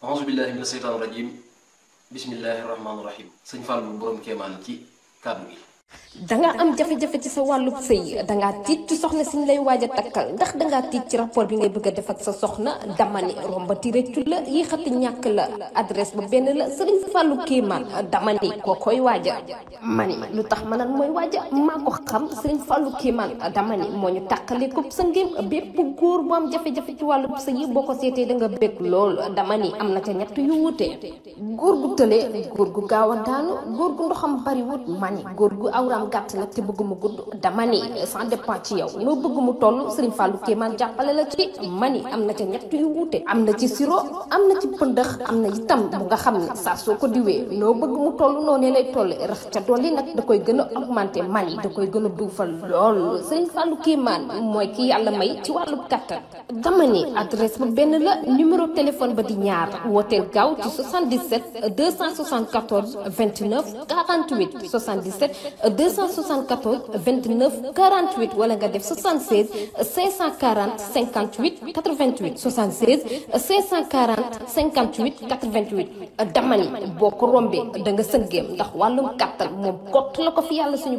أعوذ بالله من الشيطان الرجيم بسم الله الرحمن الرحيم سنفعل بروم كيمان كي كابوي danga am jafé jafé ci sa wàllub sëy danga tit ci soxna sin lay waja takal takkal ndax danga tit ci rapport bi ngay bëgg def ak sa soxna dama romba ti reccu la yi xati ñak la adresse ba ben la fallu dama ni koy waja mani lu tax ma naan mooy waaja maa xam sëriñ fallu kéemaan dama ni moo ñu ko sa bepp goor bu am jafé jafé ci walu sey boko sété danga bëgg lool dama ni am ca ñett yu wuté goor gu tëlee goor gu gu ndoxam wut mani goor gu awra am gàtt nag te bëgg mu gudd dama ni ça dépend bëgg mu toll Serigne Fallou Kéemaan jàppale la ci mani am na ca ñett yu wuute am na ci siro am na ci pëndëx am na itam bu nga xam ne saa soo ko diwee noo bëgg mu toll noonee lay toll rax ca dolli nag da koy gën a augmenté mani da koy gën a duufal lool Serigne Fallou Kéemaan mooy ki yàlla may ci wàllu kattan dama ni adresse ba benn la numéro téléphone ba di ñaar wooteel gaaw ci 77 274 29 48 77 274 29 48 wala nga def 76 540 58 88 76 540 58 88 dama ni boo ko rombee da nga sëggeem ndax wàllum kàttan moom kott la ko fi yàlla suñu.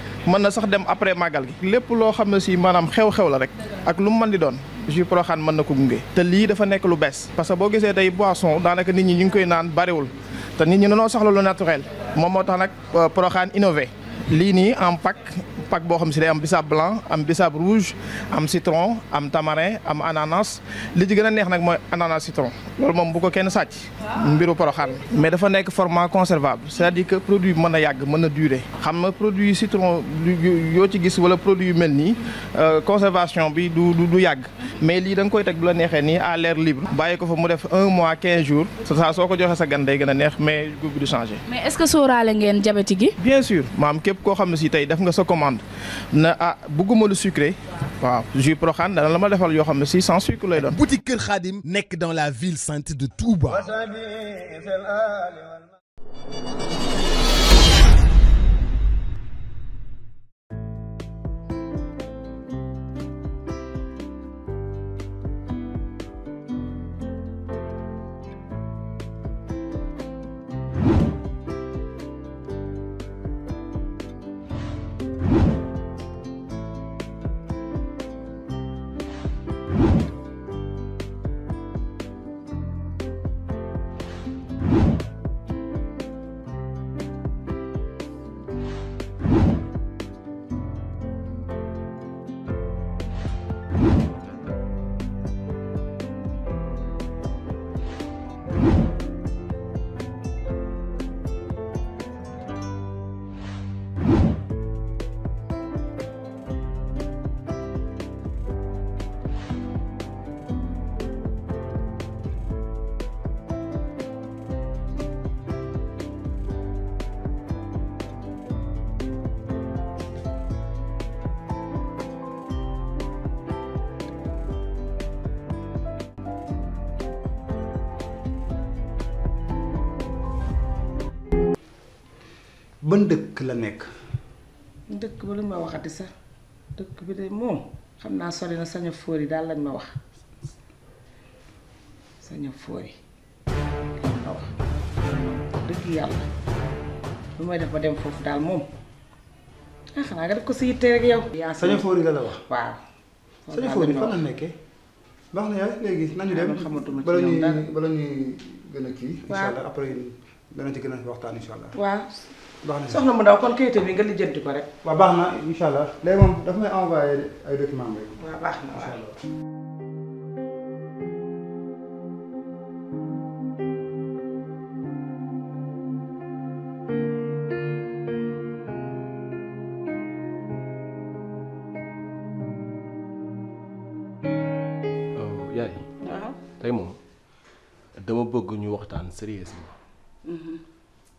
mën na sax dem après màggal gi lépp loo xam ne si maanaam xew-xew la rek ak lu mu mën di doon jus Porokhane mën na ko gunge te lii dafa nekk lu bees parce que boo gisee tey boisson daanaka nit ñi ñu ngi koy naan bariwul te nit ñi dañoo soxla lu naturel moom moo tax nag euh, Porokhane innové lini nii en pack pack bo xam ci day am bisaab blanc am bisaab rouge am citron am tamarin am ananas li ci gëna neex nak mooy ananas citron loolu mom bu ko kenn sacc mbiru poroxaan mais dafa nek format conservable c'est-à-dire que produit mën yag yàgg durer xam nga produit citron yo ci gis wala produit melni mel euh, conservation bi du du yag mais li dang koy tek bu la neexee nii à l'air libre bàyyi ko fa mu def 1 mois 15 jours ça soo ko joxee sa gan day gëna neex mais goût du changer mais est-ce que sóoraale ngeen diabète gi bien sûr maam képp koo xam sa commande na ah sucré la ma defal sans sucre boutique de Khadim que dans la ville sainte de Touba. ban dëkk la nekk. dëkk ba lu ma waxati sax dëkk bi de moom xam naa sori na saña fóor yi daal lañ ma wax saña fóor yi lañ yàlla lu may def ba dem foofu daal moom ah nga def ko si yittee rek yow. yaa saña fóor yi la la wax. waaw saña fóor yi la nekkee. baax na yaay léegi nañu ah, dem xamatuma ci kii. waaw incha dana ci gën a waxtaan incha allah. waaw baax na soxna mu ndaw kon kayit bi nga lijjanti ko rek. waaw baax na incha allah léegi moom daf may envoyé ay documents rek. waaw baax na waaw incha dama bëgg ñu waxtaan sérieusement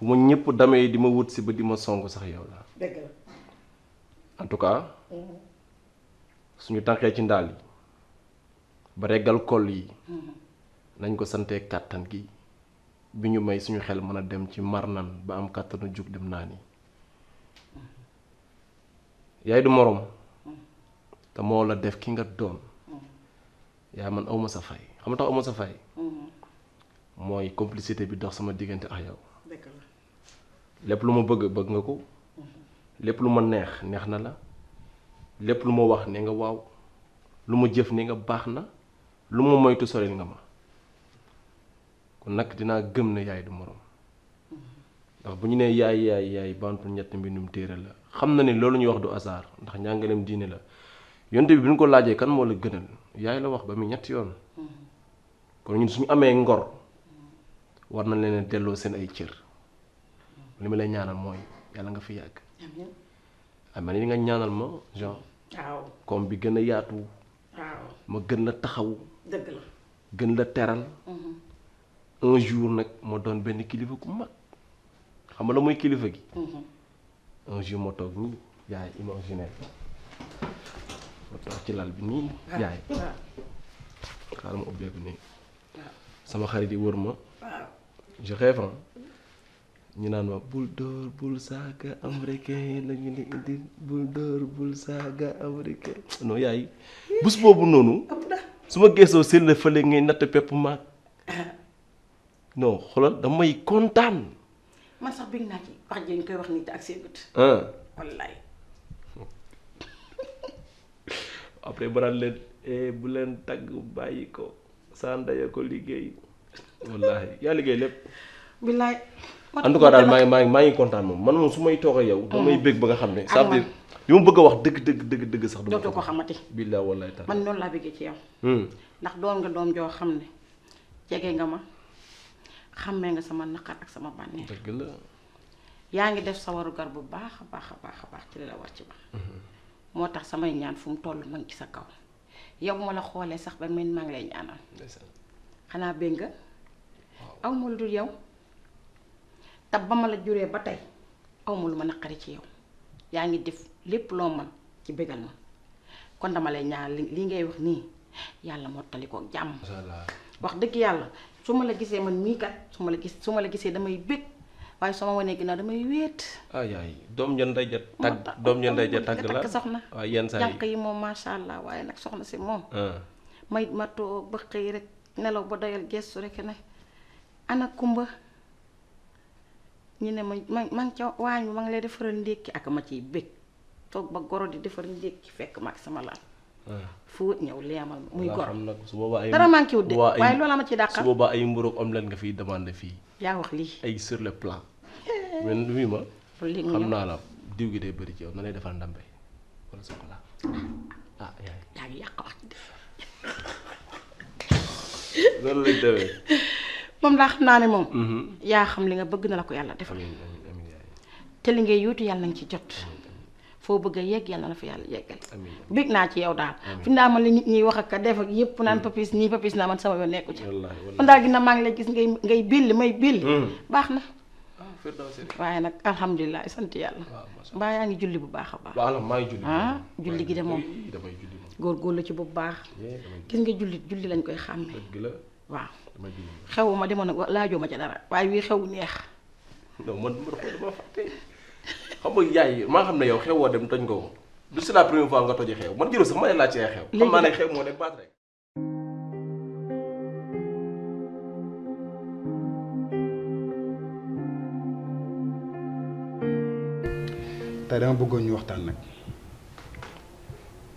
bu ma ñëpp damee di ma wut ci ba di ma song sax yow la la en tout cas mhm. suñu ci ndal yi ba régal kol yi mhm. nañ ko santé katan gi biñu may suñu xel mëna dem ci marnan ba am katanu juk dem nani. Mhm. yaay du morom ta mo la def ki nga doon ya man awma sa fay xam nga tax awma sa fay moy complicité bi dox sama digënté ak yow lépp lu ma bëgg bëgg nga ko lépp lu ma neex neex na la lépp lu ma wax ne nga waaw lu ma jëf ne nga baax na lu ma moytu soril nga ma kon nag dinaa gëm na yaay du moroom ndax bu ñu nee yaay yaay yaay bantu ñett mbindum téere la xam na ne loolu ñu wax du asaar ndax njàngaleem diine la yonte bi bi ñu ko laajee kan moo la gënal yaay la wax ba muy ñetti yoon mm-hmm. kon ñun suñu amee ngor war na leen delloo seen ay cër li ma lay ñaanal mooy yàlla nga fi yàgg. amiin ah, ni nga ñaanal ma Jean. comme bi gën a yaatu. waaw ma gën la taxaw. dëgg la gën la teral. Mhm. un jour nag ma doon benn kilifa ku mag xam nga la mooy kilifa gi. Mhm. un jour ma toog nii yaay imaginaire ma toog ci lal bi nii ah, yaay. xaaral ma ubbeeku nii. sama xarit yi wër ma. je rêve ñu naan ma bul dóor bul saaga américain la ñu indi bul dóor bul saaga américain non yaay bés boobu noonu su ma geesoo seen la fële ngay natt pepp maag non xoolal damay kontaan. man ah. après banaan leen eh bu leen tagg bàyyi ko saa ndaya ko liggéey wallaahi yaa liggéey lépp. billaay. en tout cas dal may may may ngi mom man mom sumay toxe yow damay beug ba nga xam ne ça veut dire li bëgg wax deug deug deug deug sax do ko xamati billaa wallahi taala man non la beugé ci yow ya. hmm ndax doon nga doom jo xam ne nga ma xamé nga sama naqar ak sama bànneex deug la yaangi def sa warugar bu baax baax baax baax ci la war ci ba mhm. moo tax samay ñaan fu mu toll ma ci sa kaw yow mo la xolé sax ba man maa ngi lay ñaanal xana bëgg nga aw ma dul yow ta bama la juré ba tay awma lu ma nakari ci yow ya ngi def lepp lo man ci bégal ma kon dama lay ñaan li ngay wax nii yàlla mottali ko jàmm wax deug yalla suma la gisé man mi kat suma la gis suma la gisé damay bég waye su woné gina damay wéet ay ay dom ñu nday jot tag dom ñu nday jot tag la wa yeen yi yi allah waye nak soxna ci ah. may ba xey rek nelaw ba doyal gesu rek ne ana kumba ñu ne ma ma man ca waañ ma ngi lay defaral ndékki ak ma ciy bég toog ba goro di defar ndékki fekk ma ak sama laal. Ah. foo ñëw leemal ma muy goro. su boobaa ay dara manqué wu ay mburoog am lan nga fiy demandé fii. yaa wax lii ay sur le plan. man du ma. xam naa la diw gi day bëri ci yow na lay defal ndàmbe ah. ah, yaa ngi yàq wax ci def. loolu lañ demee. moom laa xam naa ne moom. Mm-hmm. yaa xam li nga bëgg na la ko yàlla defal. te li ngay yóotu yàlla nañ ci jot. foo bëgg a yegg yàlla na fa yàlla yeggal. bég naa ci yow daal. fi naa man li nit ñi wax ak a def ak yëpp naan mm. papis nii papis naa man sama yoon nekku ci. man daal ginnaaw maa ngi lay gis ngay ngay billi may billi. Mm. baax na. Ah, waaye nag alhamdulilah sant yàlla. mbaa yaa ngi julli bu baax a baax. julli. ah julli gi de moom. la ci bu baax. gis nga jullit julli lañ koy xàmmee. la. waaw xewuma demoon nag laajoo ma ca dara waaye wii xew neex. non man dama fàtte xam nga yaay maa xam ne yow xewoo dem toj nga woon du c'est la première fois nga toji xew man jëloo sax ma ne laaj ci xew. xam naa xew moo nekk baat dama bëggoon ñu waxtaan nag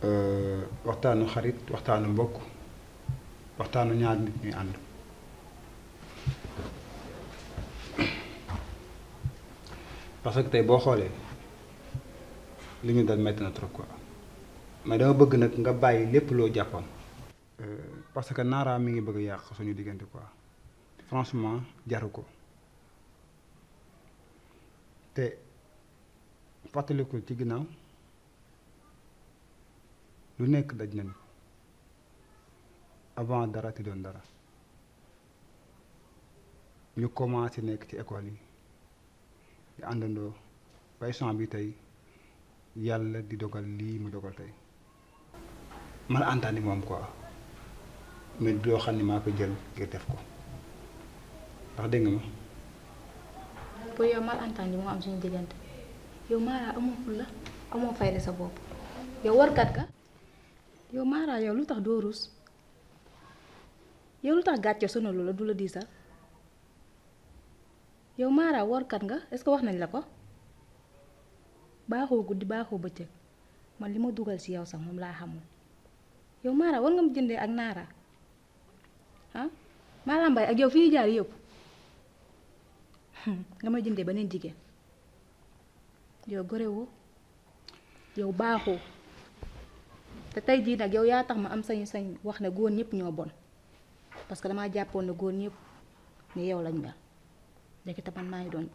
euh, waxtaanu xarit waxtaanu mbokk. waxtaanu ñaar nit ñuy ànd parce que tey boo xoolee li ñu dal metti na trop quoi mais dama bëgg nag nga bàyyi lépp loo jàppoon. parce que Nara mi ngi bëgg yàq suñu diggante quoi franchement jaru ko te fàttaliku ci ginnaaw lu nekk daj nañu. avant dara te doon dara ñu commencé nekk ci école yi di àndandoo ba émission bi tey yàlla di dogal lii mu dogal tey man àntaani moom quoi mais loo xam ne maa ko jël ngir def ko ndax dégg ma. pour yow mal entendre moo am suñu diggante yow Mara amoo fulla amoo fayda sa bopp yow warkat ka yow Mara yow lu tax doo rus. yow lu tax gàcce sonalu la du la diisal yow Mara workat nga est-ce que wax nañ la ko baaxoo guddi baaxoo bëccëg man li ma dugal ci yow sax moom laa xamul yow Mara war nga mu jëndee ak Naara ah Mara ak yow fi jaar yëpp hmm, nga ma jëndee beneen jigéen yow gorewoo yow baaxoo te tey jii nag yow yaa tax ma am sañ-sañ wax ne góor ñëpp ñoo bon. parce que dama jàppoon ne góor ñep ni yow lañ mel ta man may doon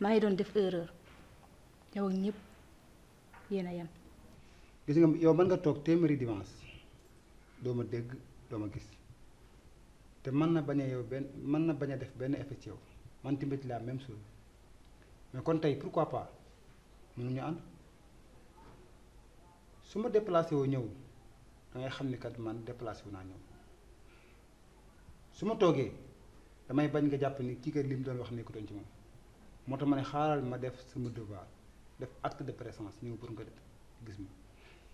may doon def erreur yow ak ñëpp yéen a gis nga yow man nga tok téeméeri dimanche do ma dégg do ma gis té man na bañ yow ben man na baña def ben effet ci yow man timbit la même chose mais kon tay pourquoi pas ñu ñu su suma déplacer wo ñew da ngay xam kat man déplacer wu na ñew su ma toogee damay bañ nga jàpp ni kii kër li mu doon wax nekkutoon ci moom moo tax ma ne xaaral ma def sama devoir def acte de présence ñëw pour nga gis ma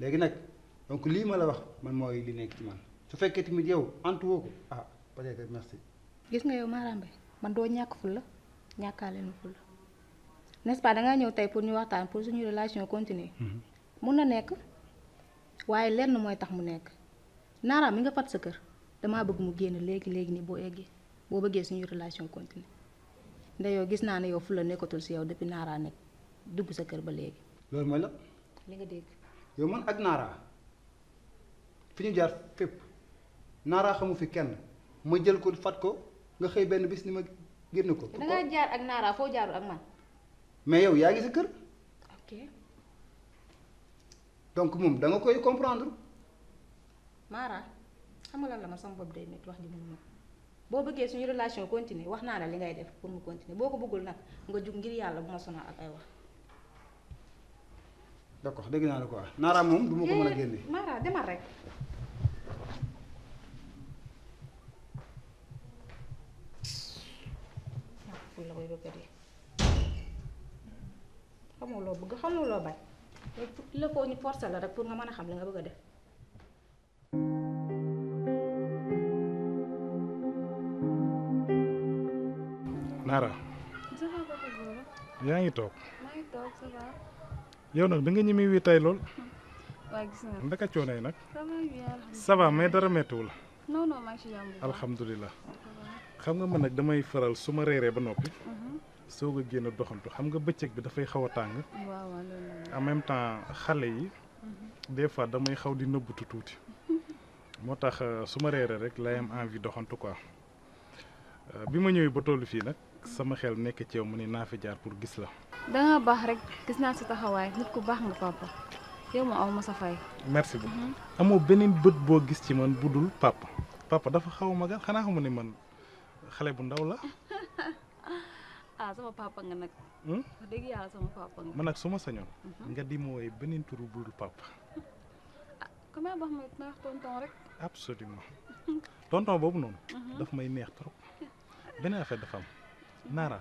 léegi nag donc lii ma la wax man mooy li nekk ci man su fekkee tamit ant antuwoo ko ah peut-être merci. gis nga yow Mara Mbaye man doo ñàkk ful la ñàkkaale ma ful la n'est-ce ñëw tey pour ñu waxtaan pour suñu relation continuer. Mhm. mun na nekk waaye lenn mooy tax mu nekk naara mi nga fat sa kër. damaa bëgg mu génn léegi léegi nii boo eggee boo bëggee suñu relation continue nda yow gis naa ne yow fu la nekkatul si yow depuis naara nekk dugg sa kër ba léegi. loolu mooy la. li nga dégg. yow man ak naara fi ñu jaar fépp Naaraa xamu fi kenn ma jël ko fat ko nga xëy benn bis ni ma génn ko. da jaar ak Naaraa foo jaarul ak man. mais yow yaa ngi sa kër. ok. donc moom da koy comprendre. Mara. xam nga lan la man sama wax ji mun boo bëggee suñu relation continuer wax naa la li ngay def pour mu continuer boo ko nga jug ngir yàlla bu ak ay wax. d'accord dégg naa la ko mën a génne. Eh, Mara bëgg a dee xamoo loo bëgg xamoo loo bañ la foo ñu forcer la rek pour ma mën a xam li nga bëgg a def. yaa ngi toog. yow nag da nga ñimi wi lool. waaw ndaka coono yi nag. ça va mais dara méttiwul. la non xam nga man nag damay faral su ma reeree ba noppi. Mhm. soo ko génn doxantu xam nga bëccëg bi dafay xaw a tàng. en même temps xale yi. Mhm. des fois damay xaw di nëbbutu tuuti. moo tax euh, su ma reeree rek lay am envie doxantu quoi euh, bi ma ñëwee ba tollu fii nag. sama xel nek ci yow mune na fi jaar pour gis la da nga bax rek gis na sa taxaway nit ku bax nga papa yow mo aw sa fay merci bu. Mhm. amo benen beut bo gis ci man budul papa papa dafa xaw magal xana xamu man xale bu ndaw la ah sama papa nga nak hmm deug yàlla sama papa nga man nak suma ma mhm. nga di mo way benen turu budul papa comme ah, comment baax ma wax tonton rek absolument tonton bobu non mhm. daf may neex trop benen affaire dafa am Nara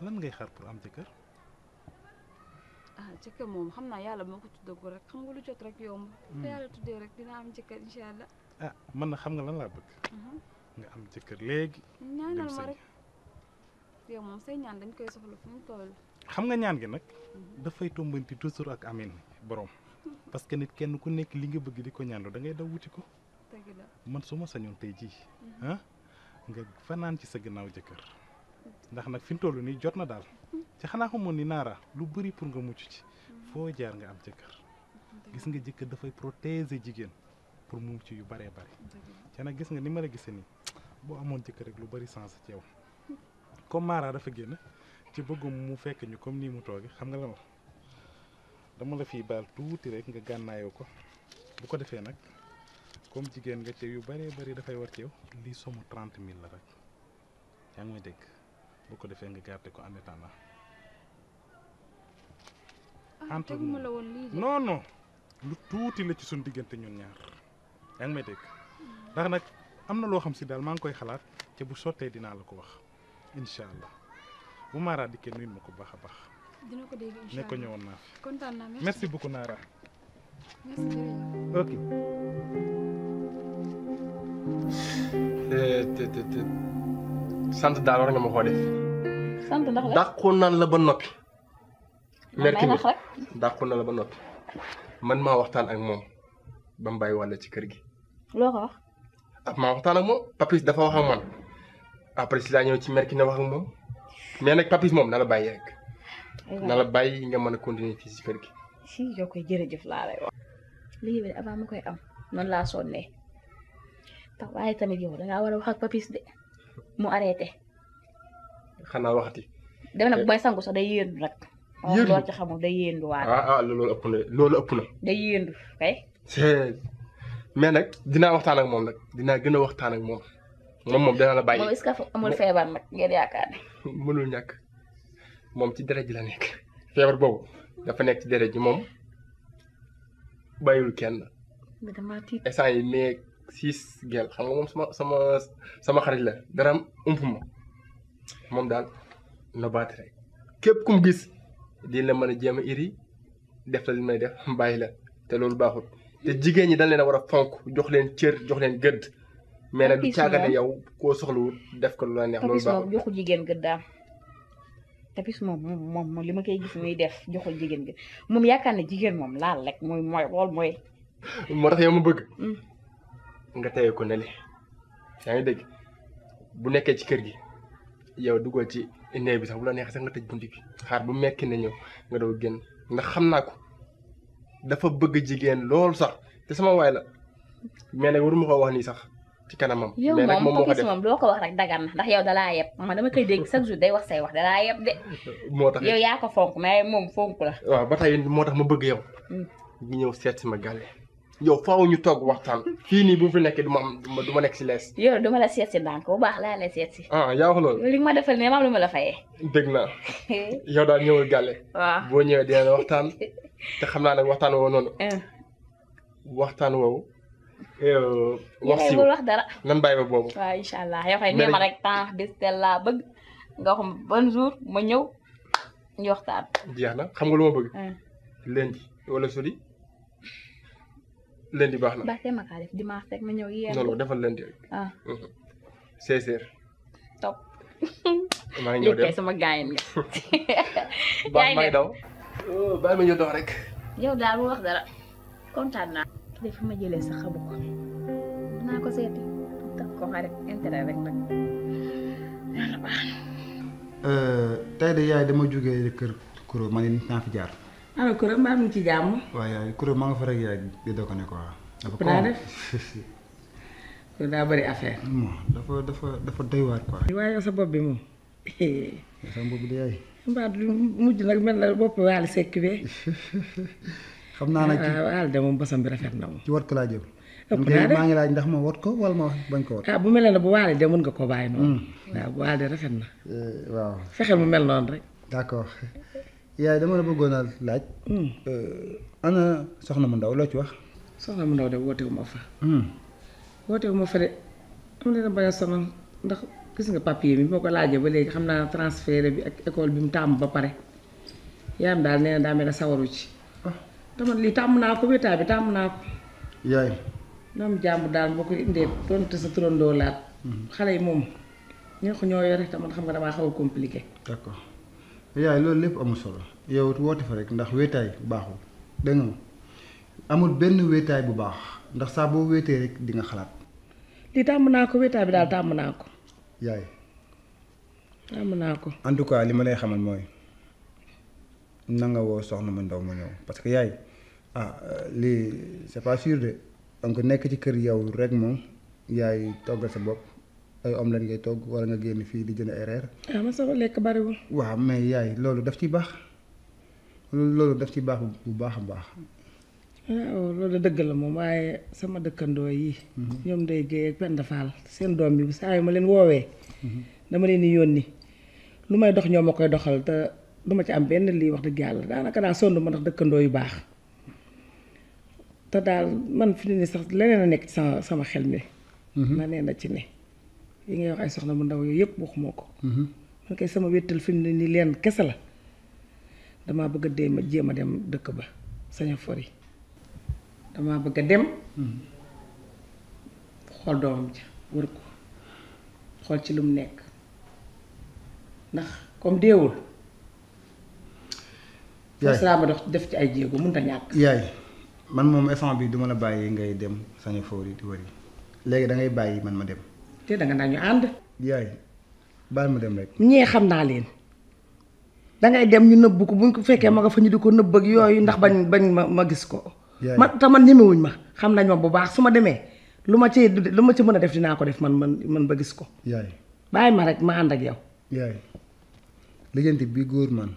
lan ngay xaar pour am jëkkër ah jëkkër moom xam naa yàlla moo ko tuddagul rek xam nga lu jot rek yomb te yàlla tuddee rek dina am jëkkër incha allah ah man na xam nga lan laa bëgg nga am jëkkër léegi ñaanal ma rek yow moom say ñaan dañ koy soxla fu mu toll xam nga ñaan gi nag dafay tombanti toujours ak amin borom parce que nit kenn ku nekk li nga bëgg di ko ñaanlu da ngay daw wuti ko man suma ma sañoon tey jii ah nga fanaan ci sa gannaaw jëkkër ndax nag fi mu toll nii jot na daal ci xanaa xamoon ni naara lu bëri pour nga mucc ci foo jaar nga am jëkkër gis nga jëkkër dafay protéger jigéen pour mu ci yu bëree bari te nag gis nga ni ma la gisee nii boo amoon jëkkër rek lu bari sens ci comme Mara dafa génn ci bëggum mu fekk ñu comme nii mu tooge xam nga la ma dama la fiy baal tuuti rek nga gànnaayoo ko bu ko defee nag comme jigéen nga te yu bëree bëri dafay war ci li lii somu trente mille la rek yaa ngi may dégg boo ko defee nga garder ko en attendant. ah la lu tuuti la ci suñ diggante ñun ñaar yaa ngi may dégg. ndax nag am na loo xam si daal maa ngi koy xalaat te bu sottee dinaa la ko wax incha allah bu Mara dikkee nuyu ma ko baax a baax. dina ko dégg ne ko ñëwoon naa merci merci beaucoup Nara. Eh, sant daal war nga ma koo def. sant ndax la dàqoon naan la ba noppi. merki bi dàqoon na la ba noppi. man ma waxtaan ak moom ba mu bàyyi ci kër gi. loo ko wax. ah maa waxtaan ak moom papis dafa wax ak man après si laa ñëw ci merki na waxa moom mais nag papis moom na la bàyyi rek. na la bàyyi nga mën a continuer fii si kër gi. si yoo koy jërëjëf laa lay wax. lii bi avant mu koy am noonu laa sonnee waaye tamit yow da ngaa war a wax papis de mu arrêté. xanaa waxati. dem na eh. bu may sangu sax day yéendu rek. yéendu ci xamul day yéendu waat. ah ah loolu ëpp na loolu ëpp na. da yéendu kay. mais nag dinaa waxtaan ak moom nag dinaa gën a waxtaan ak moom. moom moom dana la bàyyi moom ce que amul feebar nag ngeen yaakaar ne. mënul ñàkk moom ci deret ji la nekk. feebar boobu dafa nekk ci deret ji moom bàyyiwul kenn. mais damaa tiit yi nekk six gel xam nga moom sama sama sama xarit la dara ump ma. moom daal nobaate rek képp ku mu gis dina la mën a jéem a iri def la li may def bàyyi la te loolu baaxul te jigéen ñi dañ leen a war a fonk jox leen cër jox leen gëdd. mais nag du caagane yow koo soxlawul def ko lu neex. loolu baaxul tapis moom jigéen gëdd daal tapis moom moom li ma koy gis muy def joxul jigéen gëdd moom yaakaar ne jigéen moom laal rek mooy mooy lool mooy. moo tax yow bëgg. Mm. nga teye ko ne yaa ngi dégg bu nekkee ci kër gi. yow duggoo ci néeg bi sax bu la sax nga tëj bunt bi xaar bu mekki ne ñëw nga doo génn ndax xam naa ko dafa bëgg jigéen lool sax te sama waay la mais nag waruma ko wax nii sax ci kanamam. mais nag moom moo ko def yow moom ko rek dagan ndax yow dalaa yeb man dama koy dégg day wax say wax dalaa de. moo tax yow yaa ko fonk mais moom fonk la. waaw ba moo tax ma bëgg yow. ñu mm. ñëw seet si ma gàlle. yow faaw ñu toog waxtaan fii nii bu fi nekkee du ma am nekk si lees. yow du ma la seet si ndànk bu baax laa la seet si. Ah, yaa wax loolu. li ma defal ne maam ma la fayee. dégg naa yow daal ñëwul boo ñëwee dina waxtaan te xam naa nag waxtaan woowu noonu. Eh. waxtaan woowu. Eh, wax si wax dara. nan bàyyi boobu. waaw incha allah yow kay nee ma rek temps bi laa bëgg nga xam ban jour ma ñëw ñu waxtaan. jeex xam nga lu ma bëgg. Eh. lundi wala jeudi. lundi baax ba baax ma ka def dimanche rek ma ñew yéen. non defal lundi rek. ah. 16h. Mhm. top. ma ñew def sama gaayen nga. ba maa ngi daw. Oh, ba ma ñu dox rek. yow daal bu wax dara contane na def ma sa xabu ko. na ko séti tak ko xare intérêt rek nak euh tay de yaay dama jógee kër kuro ma ni na fi jaar. alors Koura mbaa mu ngi ci jàmm. waaw yaay Koura maa nga fa rek yaay di doo ko ne quoi. daa def Koura daa dafa dafa dafa doy waar quoi. sa bopp bi moom. sa bopp bi yaay. mbaa du mujj mel na bopp waal sekk xam naa nag ci ah, waal de moom bosam rafet na moom. wat ko laa jëm. ëpp naa maa ngi laaj ndax ma wat ko wala ma bañ ko wat. ah bu mel ne bu waalee de mën nga koo bàyyi noonu. Mm. waaw bu waal de rafet na. Eh, waaw fexeel mu mel noonu rek. d'accord. yaay dama la bëggoon a laaj. Hmm. Euh, ana soxna mu ndaw loo ci wax. soxna mu ndaw de woote wu ma fa. Hmm. woote wu ma fa de am leen bañ ndax gis nga papier bi moo ko laajee ba léegi xam naa transfert bi ak école bi mu tàmm ba pare yaayam daal nee na daa mel ne sawaru ci. te ah. man lii tàmm naa ko wétaa bi tàmm naa ko. yaay. ñoom jàmm daal boo koy indee donte sa turandoo hmm. xale yi moom ñoo ko ñoo yore te xam nga damaa xaw a compliqué. yaay loolu lépp amul solo yow woote fa rek ndax wéetaay baaxul dégg nga amul benn wéetaay bu baax ndax saa boo wéetee rek di xalaat. lii tàmm naa ko wéetaay bi daal tàmm naa ko. yaay. tàmm naa ko. en tout cas li ma lay xamal mooy na nga woo soxna ma ndaw ma ñëw parce que yaay ah, lii c'est pas sûr de donc nekk ci kër yow rek moom yaay togga sa bopp. ay om lañ ngay togg wala nga génn fii di jënd ay reer. ah ma sama lekk bariwul. waaw mais yaay loolu daf ci baax loolu daf ci baax bu baax a baax. waaw ah, oh, loolu dëgg la moom waaye sama dëkkandoo yi. Mhm. ñoom day géey ak seen doom bi saa ma leen woowee. Mhm. dama leen yoon ni lu may dox ñoom ma koy doxal te duma ci am benn lii wax dëgg yàlla daanaka daal sonn ma ndax dëkkandoo yu baax. te daal man fi ne sax leneen a nekk sama sama xel mi. na mhm. nee a ci ne. yi ngay wax ay soxna bu ndaw yooyu yëpp waxuma ko. Mhm. man kay sama wéttal fi mu ni nii leen kese la damaa bëgg a dem jéem a dem dëkk ba sañ a fori dama bëgg a dem. Mhm. xool doomam ja wër ko xool ci lu mu nekk ndax comme deewul. yaay ma dox def ci ay jéego mënut a ñàkk. yaay man moom instant bi du ma la bàyyi ngay dem sañ a fori di wëri léegi da ngay bàyyi man ma dem té da nga nañu and yaay bal ma dem rek. ñee xam na leen ngay dem ñu neub ko buñ ko fekke ma nga fa ñu diko neub ak yoy ndax bañ bañ ma gis ko. ma ta man wuñ ma xam nañ ma bu baax suma démé luma ci luma ci mëna def dina ko def man man man ba gis ko. yaay bay ma rek ma and ak yow. yaay bi goor man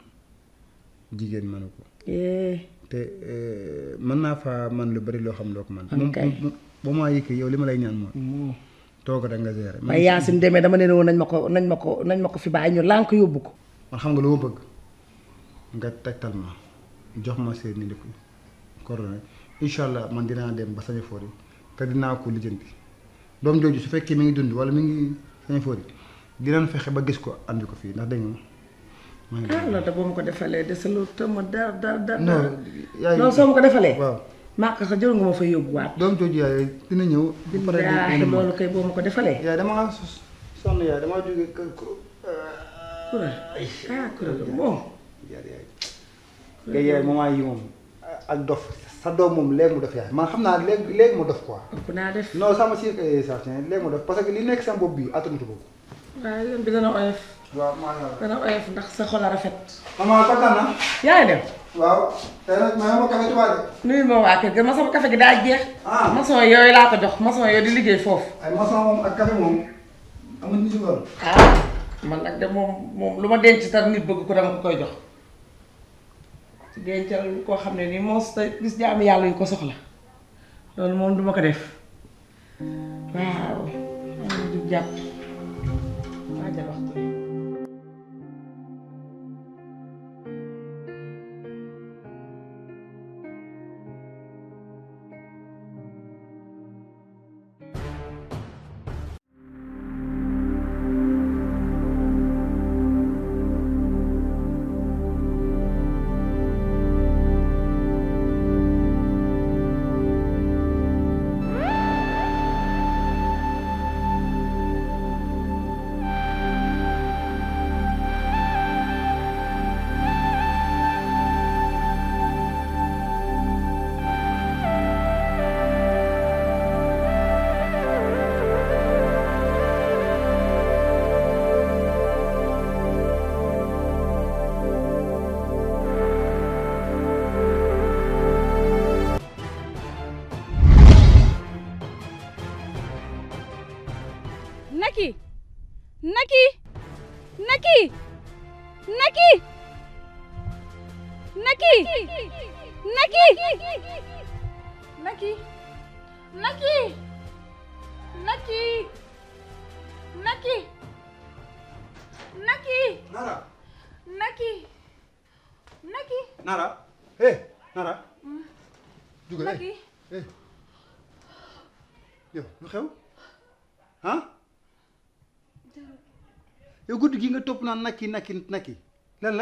jigen ko. Eh. te eh, man na fa man lu bari lo xam lo ko man. bu ma ba yow lima lay ñaan mo toog rek nga gérer. waaye Yacine demee dama ne woon nañ ma ko nañ ma ko nañ ma ko fi bàyyi ñu lànk yóbbu ko. man xam nga lu ma bëgg nga tegtal ma jox ma seen i lëkk coordonnées incha allah man dinaa dem ba sañ foor yi te dinaa ko bi doom jooju su fekkee mi ngi dund wala mu ngi sañ foor yi dinañ fexe ba gis ko andi ko fii ndax dégg nga. maa ah, ma ko defalee de loolu soo ma ko defalee waaw. màkk sa jël nga ma fa yóbbuwaat. doom jooju yaay dina ñëw. bu paree dina loolu kay boo ma ko defalee. dama sonn yaay dama jógee ah, moom. yaay yaay yi moom ak dof sa doom moom léegi mu dof yaay man xam naa léegi léegi mu dof quoi. ëpp naa def non sama si sa léegi mu dof parce que li nekk sama bopp bi attanatu ko. waaw yoon bi dana oyof. waaw maanaam dana oyof ndax sa xol a rafet. maman dem. waaw tey nag maa ma ma waa kër gi ma sama gi daa jeex. ah maçon yooyu laa ko jox maçon yooyu di liggéey foofu. ak café moom amuñu ci loolu. ah man nag de moom moom lu ma denc tar nit bëgg ko dama ko koy jox. ci dencal koo xam ne nii mos ta gis jaamu yàlla yu ko soxla loolu moom duma ko def waaw. am na jub jàpp. Nara. dugal eh. lu xew ah. yow guddi gi nga topp naa nakki nakki nakki lan